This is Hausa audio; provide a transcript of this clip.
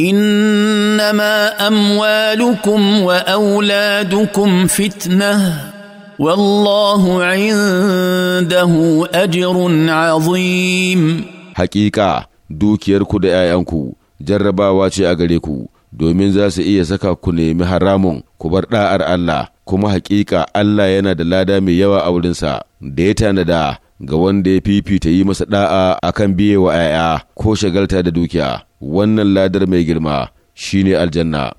انما اموالكم واولادكم فتنه والله عنده اجر عظيم حقيقه dukiyarku da 'ya'yanku jarrabawa ce a gare ku domin za su iya saka ku nemi haramun ku bar da'ar Allah kuma hakika Allah yana da lada mai yawa a wurinsa da ya tanada ga wanda ya fifita yi masa da'a akan biye wa 'ya'ya ko shagalta da dukiya wannan ladar mai girma shine aljanna